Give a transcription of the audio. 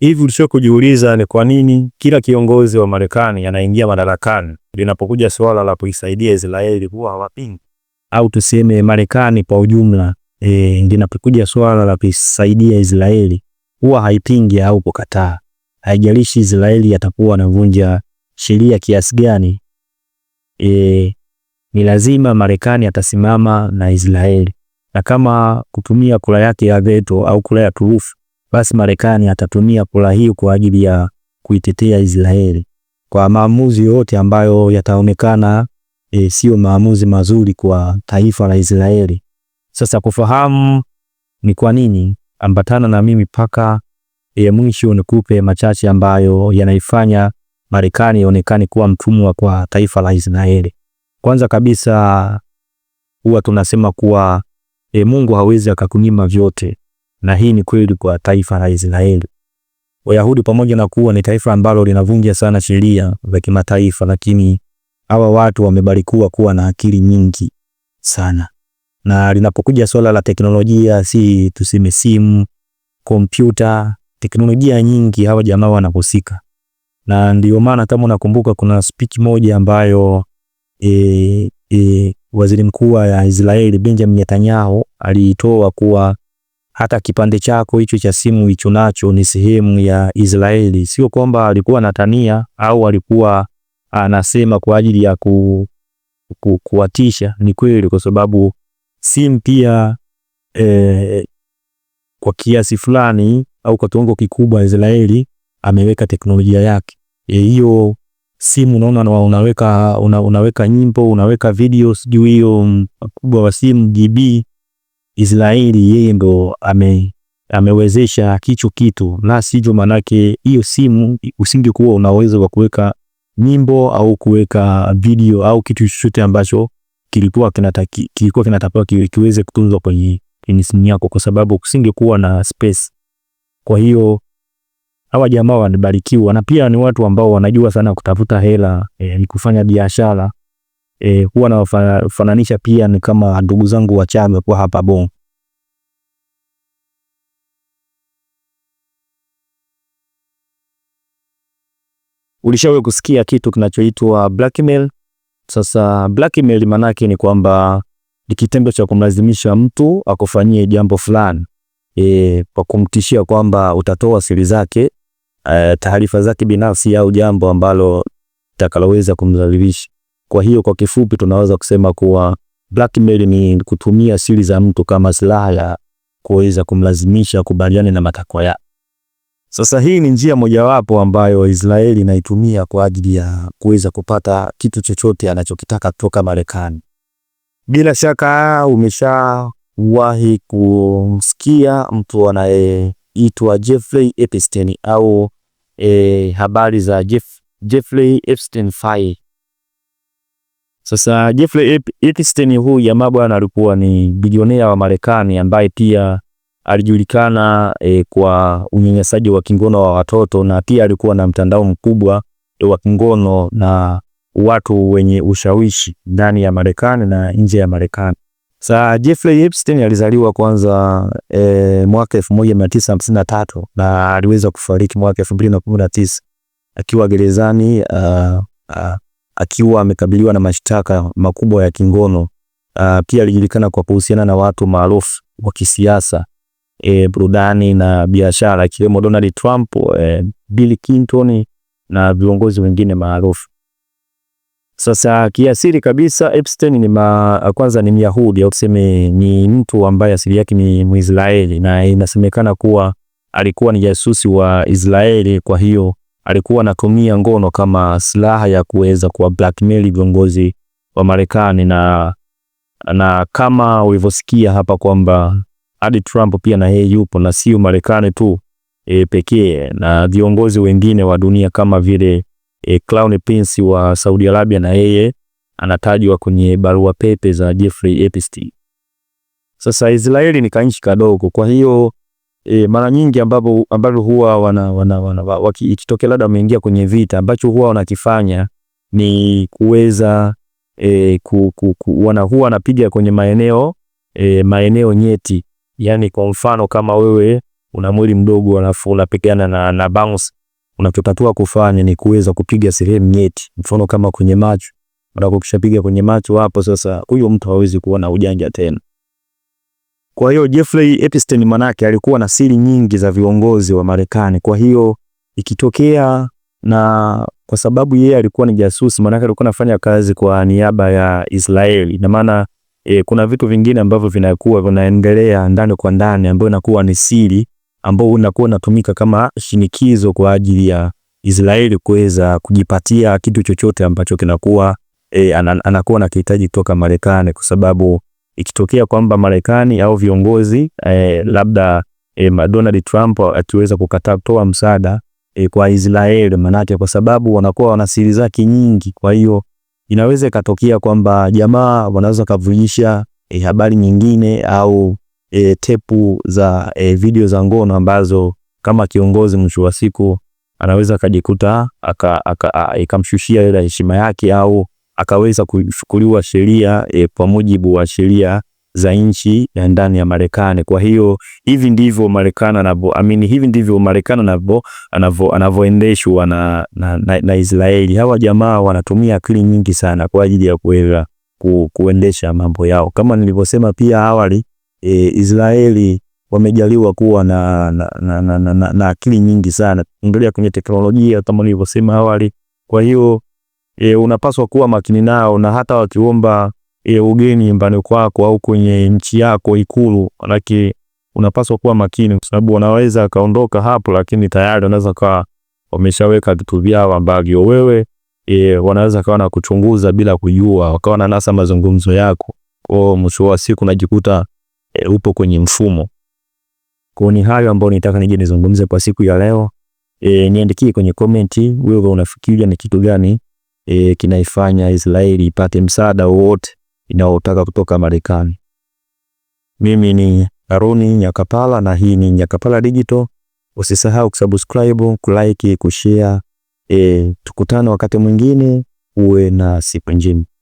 Hivi ulisho kujiuliza ni kwa nini kila kiongozi wa Marekani anaingia madarakani linapokuja swala la kuisaidia Israeli kuwa hawapingi au tuseme Marekani kwa ujumla e, linapokuja swala la kuisaidia Israeli huwa haipingi au kukataa. Haijalishi Israeli atakuwa anavunja sheria kiasi gani, e, ni lazima Marekani atasimama na Israeli, na kama kutumia kura yake ya veto au kura ya turufu basi Marekani atatumia kura hii kwa ajili ya kuitetea Israeli kwa maamuzi yote ambayo yataonekana e, sio maamuzi mazuri kwa taifa la Israeli. Sasa kufahamu ni kwa nini, ambatana na mimi mpaka e, mwisho nikupe machache ambayo yanaifanya Marekani ionekane kuwa mtumwa kwa taifa la Israeli. Kwanza kabisa huwa tunasema kuwa e, Mungu hawezi akakunyima vyote na hii ni kweli kwa taifa la Israeli. Wayahudi pamoja na kuwa ni taifa ambalo linavunja sana sheria za kimataifa, lakini hawa watu wamebarikiwa kuwa na akili nyingi sana, na linapokuja swala la teknolojia, si tuseme simu, kompyuta, teknolojia nyingi, hawa jamaa wanahusika, na ndio maana kama unakumbuka, kuna speech moja ambayo e, e, waziri mkuu wa Israeli Benjamin Netanyahu aliitoa kuwa hata kipande chako hicho cha simu hicho nacho ni sehemu ya Israeli. Sio kwamba alikuwa anatania au alikuwa anasema kwa ajili ya ku, ku, kuwatisha. Ni kweli, kwa sababu simu pia e, kwa kiasi fulani au kwa kiwango kikubwa Israeli ameweka teknolojia yake eh, hiyo. E, simu unaona, unaweka una, unaweka nyimbo, unaweka videos juu hiyo, mkubwa mm, wa simu GB Israeli yeye ndo ame, amewezesha kicho kitu, na sijo manake hiyo simu usingekuwa unaweza wa kuweka nyimbo au kuweka video au kitu chochote ambacho kilikuwa kinataki kilikuwa kinatakiwa kiweze kutunzwa kwenye kwenye simu yako, kwa sababu kusingekuwa na space. Kwa hiyo hawa jamaa wanabarikiwa, na pia ni watu ambao wanajua sana kutafuta hela, eh, kufanya biashara e, huwa nawafananisha pia ni kama ndugu zangu chama kwa hapa Bongo. Ulishawahi kusikia kitu kinachoitwa blackmail? Sasa blackmail manake ni kwamba ni kitendo cha kumlazimisha mtu akufanyie jambo fulani e, kwa kumtishia kwamba utatoa siri zake, e, taarifa zake binafsi au jambo ambalo takaloweza kumdhalilisha. Kwa hiyo kwa kifupi, tunaweza kusema kuwa blackmail ni kutumia siri za mtu kama silaha ya kuweza kumlazimisha kubaliane na matakwa yake. Sasa hii ni njia mojawapo ambayo Israeli inaitumia kwa ajili ya kuweza kupata kitu chochote anachokitaka kutoka Marekani. Bila shaka umeshawahi kumsikia mtu anayeitwa Jeffrey Epstein au e, habari za Jeff, Jeffrey Epstein file. Sasa Jeffrey Epstein huyu jamaa bwana alikuwa ni bilionea wa Marekani ambaye pia alijulikana e, kwa unyanyasaji wa kingono wa watoto na pia alikuwa na mtandao mkubwa wa kingono na watu wenye ushawishi ndani ya Marekani na nje ya Marekani. Sasa Jeffrey Epstein alizaliwa kwanza e, mwaka 1953 na aliweza kufariki mwaka 2019 akiwa gerezani uh, uh, akiwa amekabiliwa na mashtaka makubwa ya kingono. Uh, pia alijulikana kwa kuhusiana na watu maarufu wa kisiasa e, burudani na biashara ikiwemo Donald Trump e, Bill Clinton na viongozi wengine maarufu. Sasa kiasiri kabisa Epstein ni ma, kwanza ni Myahudi au tuseme ni mtu ambaye asili yake ni Mwisraeli na inasemekana kuwa alikuwa ni jasusi wa Israeli, kwa hiyo alikuwa anatumia ngono kama silaha ya kuweza kuwa blackmail viongozi wa Marekani na, na kama ulivyosikia hapa kwamba hadi Trump pia na yeye yupo na sio Marekani tu e, pekee na viongozi wengine wa dunia kama vile e, Clown Prince wa Saudi Arabia na yeye anatajwa kwenye barua pepe za Jeffrey Epstein. Sasa Israeli ni kanchi kadogo, kwa hiyo E, mara nyingi ambapo ambapo huwa wana, wana, wana, waki, wakitokea labda wameingia kwenye vita, ambacho huwa wanakifanya ni kuweza e, ku, ku, ku, wana huwa wanapiga kwenye maeneo e, maeneo nyeti, yani kwa mfano kama wewe una mwili mdogo alafu unapigana na, na bounce, unachotakiwa kufanya ni kuweza kupiga sehemu nyeti, mfano kama kwenye macho. Baada ukishapiga kwenye macho hapo sasa, huyo mtu hawezi kuona ujanja tena. Kwa hiyo Jeffrey Epstein manake alikuwa na siri nyingi za viongozi wa Marekani. Kwa hiyo ikitokea na kwa sababu yeye alikuwa ni jasusi, manake alikuwa anafanya kazi kwa niaba ya Israeli na maana e, kuna vitu vingine ambavyo vinakuwa vinaendelea ndani kwa ndani ambayo inakuwa ni siri ambao unakuwa unatumika kama shinikizo kwa ajili ya Israeli kuweza kujipatia kitu chochote ambacho kinakuwa e, anakuwa na anakihitaji kutoka Marekani kwa sababu ikitokea kwamba Marekani au viongozi eh, labda eh, Donald Trump atuweza kukataa kutoa msaada eh, kwa Israeli, manake kwa sababu wanakuwa wana siri zake nyingi. Kwa hiyo inaweza ikatokea kwamba jamaa wanaweza kavunyisha eh, habari nyingine au eh, tepu za eh, video za ngono ambazo kama kiongozi mwisho wa siku anaweza akajikuta ikamshushia aka, aka, aka, aka ile heshima yake au akaweza kuchukuliwa sheria e, kwa mujibu wa sheria za nchi ya ndani ya Marekani. Kwa hiyo hivi ndivyo Marekani anavyo, I mean, hivi ndivyo Marekani anavyo anavyoendeshwa na, na, na, na Israeli. Hawa jamaa wanatumia akili nyingi sana kwa ajili ya kuweza ku, kuendesha mambo yao. Kama nilivyosema pia awali e, Israeli wamejaliwa kuwa na, na, na, na, na, na akili nyingi sana. Angalia kwenye teknolojia kama nilivyosema awali. Kwa hiyo e, unapaswa kuwa makini nao, na hata wakiomba e, ugeni nyumbani kwako au kwenye nchi yako Ikulu, lakini unapaswa kuwa makini, kwa sababu wanaweza kaondoka hapo, lakini tayari wanaweza kwa wameshaweka vitu vyao ambavyo wewe e, wanaweza kawa na kuchunguza bila kujua, wakawa na nasa mazungumzo yako, kwa mwisho wa siku unajikuta e, upo kwenye mfumo. Kwa ni hayo ambayo nitaka nije nizungumze kwa siku ya leo. E, niandikie kwenye komenti wewe unafikiria ni kitu gani e, kinaifanya Israeli ipate msaada wowote inaotaka kutoka Marekani. Mimi ni Aruni Nyakapala na hii ni Nyakapala Digital. Usisahau kusubscribe, kulike, kushare. E, tukutane wakati mwingine. Uwe na siku njema.